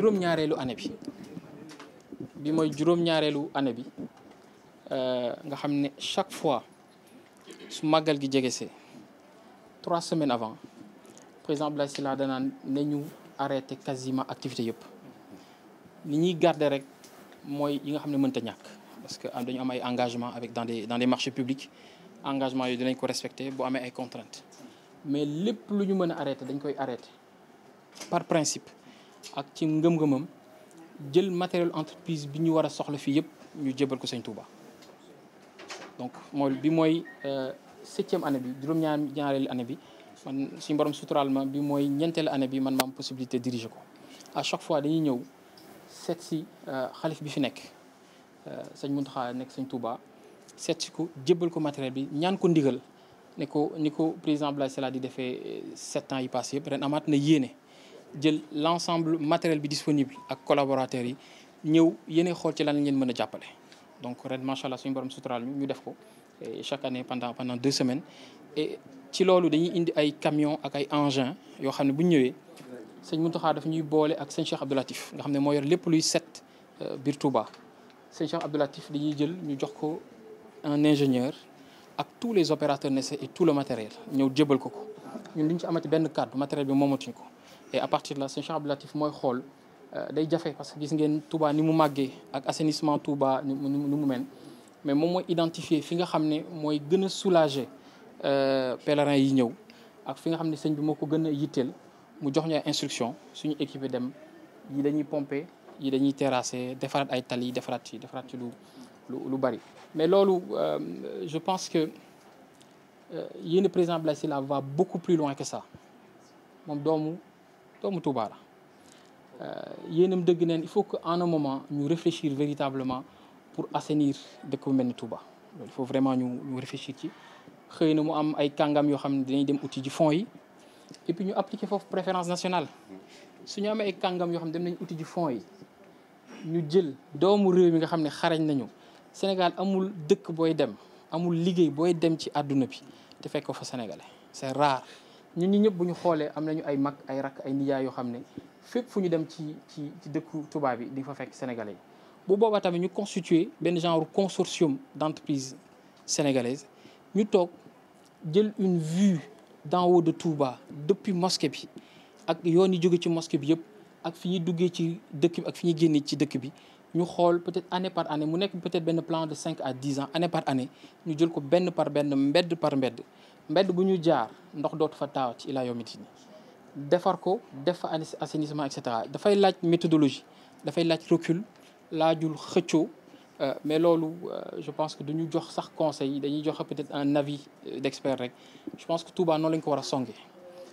juróom-ñaareelu année bi bi mooy juróom-ñaareelu année bi euh, nga xam ne chaque fois su màggal gi jege jegesee trois semaines avant président Abdoulaye Sylla danaan ne ñu arrêté quasiment activité yëpp ni ñuy garde rek mooy yi nga xam ne mën mënta ñàkk parce que dañu am ay engagement avec dans des dans des marchés publics engagement yooyu dinañ ko respecter boo amee ay contraintes mais lépp lu ñu mën a arrêté dañ koy arrêté par principe ak ci ngëm-ngëmam jël matériel entreprise bi ñu war a soxla fii yëpp ñu jébal ko sañ Touba donc mooy bi mooy euh, septième anne bi juróom-ñaar année bi man suñu borom suturaal ma mooy ñeenteelu année bi man ma am possibilité diriger ko à chaque fois dañuy ñëw seet si euh, xalif bi fi nekk euh, sëñ Mountakha nekk sëñ Touba set si ko jébbal ko matériel bi ñaan ko ndigal ne ko ni ko président Abdoulaye Sylla di defee sept ans yi passé yëpp ren amaat na yéene jël l'ensemble matériel bi disponible ak collaborateurs yi ñëw yéen xool ci lan lañ leen mën a jàppale. donc ren macha suñ suñu borom suturaal ñu def ko chaque année pendant pendant deux semaines et ci loolu dañuy indi ay camion ak ay engins yoo xam ne bu ñu ñëwee sëñ Mountakha daf ñuy boole ak sëñ Cheikh Abdou Latif nga xam ne moo yor lépp luy set euh, biir Touba. sëñ Cheikh Abdou dañuy jël ñu jox ko un ingénieur ak tous les opérateurs nécessaires et tout le matériel ñëw jébal ko ko ñun duñ ci amati benn kàddu matériel bi moomatuñ ko. e à partir de là Latif mooy xool euh, day jafe parce que gis ngeen Touba ni mu màggee ak assainissement Touba ni mu ni mu mel mais moom mooy identifier fi nga xam ne mooy gën a soulager euh, pèlerins yi ñëw ak fi nga xam ne sëñ bi moo ko gën a yitteel mu jox ñu ay instruction suñu équipe dem yi dañuy pomper yi dañuy terrasser defaraat ay tali defaraat ci defaraat ci lu lu bari. mais loolu euh, je pense que yéen président Blay Sylla va beaucoup plus loin que ça moom doomu. doomu Touba la euh, yéenam dëgg neen il faut que en un moment ñu réfléchir véritablement pour assenir dëkk bu mel ni Touba loolu il faut vraiment ñu ñu réfléchir ci xëy na mu am ay kàngam yoo xam ne dañuy dem uti ji fonds yi et puis ñu appliquer foofu préférence nationale su ñu kàngam yoo xam ne dem nañ uti ji fonds yi ñu jël doomu réew mi nga xam ne xarañ nañu Sénégal amul dëkk booy dem amul liggéey booy dem ci àdduna bi te fekk fa sénégalais c'est rare. ñun ñi ñëpp bu ñu xoolee am nañu ay mag ay rakk ay nijaay yoo xam ne fépp fu ñu dem ci ci ci dëkku tubaab yi di fa fekk sénégalais bu boobaa tamit ñu constituer benn genre consortium d'entreprises sénégalaises ñu toog jël une vue d'en haut de Touba depuis mosquée bi ak yoon yi jóge ci mosquée bi yëpp ak fi ñuy duggee ci dëkk bi ak fi ñuy génnee ci dëkk bi ñu xool peut-être année par année mu nekk peut-être benn plan de cinq à dix ans par année ñu jël ko benn par benn mbedd par mbedd mbedd bu ñu jaar ndox dootu fa taaw ci ilaa yawmi diin defar ko def fa assainissement et cetera dafay laaj méthodologie dafay laaj recul laajul xëccoo euh, mais loolu euh, je pense que du ñu jox sax conseil dañuy jox peut-être un navi euh, d'expert rek je pense que Touba noonu lañ ko war a songee.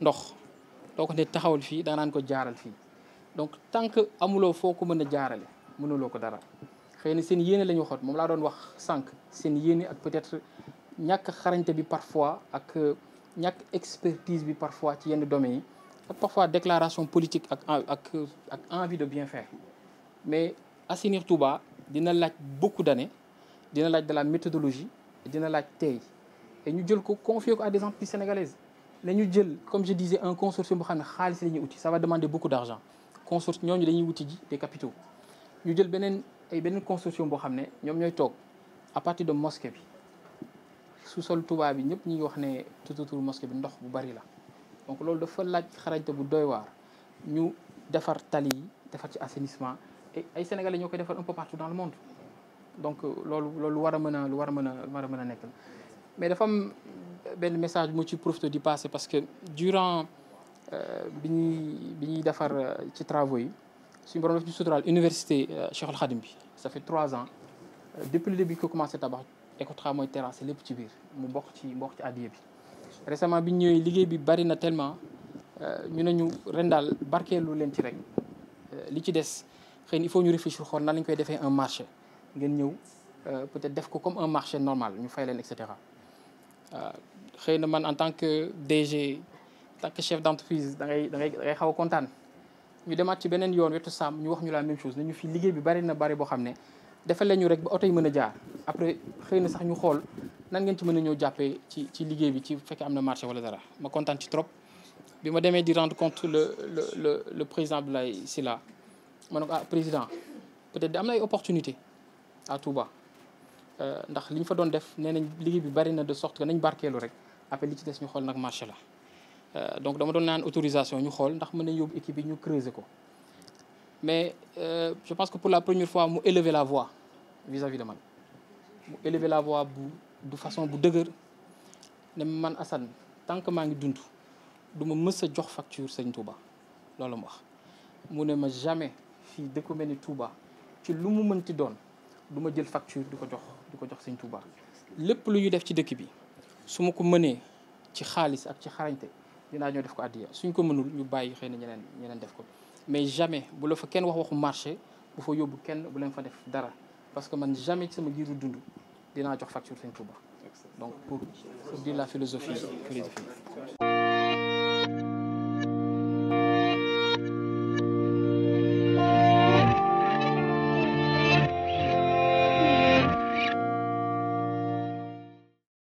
ndox doo ko ne taxawal fii da naan ko jaaral fii donc tant que amuloo foo ko mën a jaarale mënuloo ko dara xëy na seen yéene la ñu waxoon moom laa doon wax sànq seen yéene ak peut-être ñàkk xarañte bi parfois ak euh, ñàkk expertise bi parfois ci yenn domaines yi ak parfois déclaration politique ak ak ak envie de bien faire mais assainir Touba dina laaj beaucoup d'années dina laaj de la méthodologie dina laaj tey et ñu jël ko confier ko à des entreprises sénégalaises ñu jël comme je disais un consortium boo xam ne xaalis la uti wuti ça va demander beaucoup d' argent consortium ñooñu dañuy wuti ji des capitaux ñu jël beneen eh ay beneen consortium boo xam ne ñoom ñooy toog à partir de mosquée bi su sol tubaab bi ñëpp ñu wax ne tututur mosquée bi ndox bu bari la donc loolu dafa laaj xarañte bu doy waar ñu defar tali yi defar ci assainissement et ay Sénégalais ñoo koy defar un peu partout dans le monde donc euh, loolu loolu war a mën a lu war a mën a war a mën a nekk mais dafa am benn message mu ci profité di passé parce que durant euh, bi ñuy bi ñuy defar euh, ci travaux yi suñu borom daf ñu suturaal université euh, Cheikh Al Khadim bi ça fait trois ans depuis le début ko commencé tabax Ecotra mooy terrasse lépp ci biir mu bokk ci bokk ci addiya bi récemment bi ñëwee liggéey bi bari na tellement ñu ne ñu ren daal barkeelu leen ci rek li ci des xëy na il faut ñu réfléchir xool nan lañ koy defee un marché ngeen ñëw peut-être def ko comme un marché normal ñu fay leen et cetera waaw euh, xëy na man en tant que DG en tant que chef d'entreprise da ngay da ngay da xaw kontaan ñu demaat ci beneen yoon wetu sàmm ñu wax ñu la même chose ne ñu fi liggéey bi bari na bari boo xam ne defal leen ñu rek ba oto yi mën a jaar après xëy na sax ñu xool nan ngeen ci mën a ñëw jàppee ci ci liggéey bi ci fekkee am na marché wala dara ma kontaan ci trop. bi ma demee di rendre compte le le le le président Abdoulaye Sylla ma ne ko ah président peut-être am na ay opportunité à Touba. Euh, ndax li ñu fa doon def nee nañ liggéey bi bari na de sorte que nañ barkeelu rek après li ci des ñu xool nag marché la euh, donc dama doon naan autorisation ñu xool ndax mën nañ yóbbu équipe yi ñu creuser ko mais euh, je pense que pour la première fois mu élever la voix vis-à-vis de man mu élever la voix bu du façon bu dëgër ne man Assane tant que maa ngi dund du ma mës a jox facture sëñ Touba loolu mu wax mu ne ma jamais fii dëkku mel ni Touba ci lu mu mënti doon du ma jël facture du ko jox di ko jox sëñ Touba lépp lu ñu def ci dëkk bi su ma ko mënee ci xaalis ak ci xarañte dinaa ñoo def ko addiya suñ ko mënul ñu bàyyi xëy na ñeneen ñeneen def ko mais jamais bu la fa kenn wax waxu marché bu fa yóbbu kenn bu leen fa def dara parce que man jamais sama giiru dund dinaa jox facture sëñ Touba donc pour pour la philosophie philosophie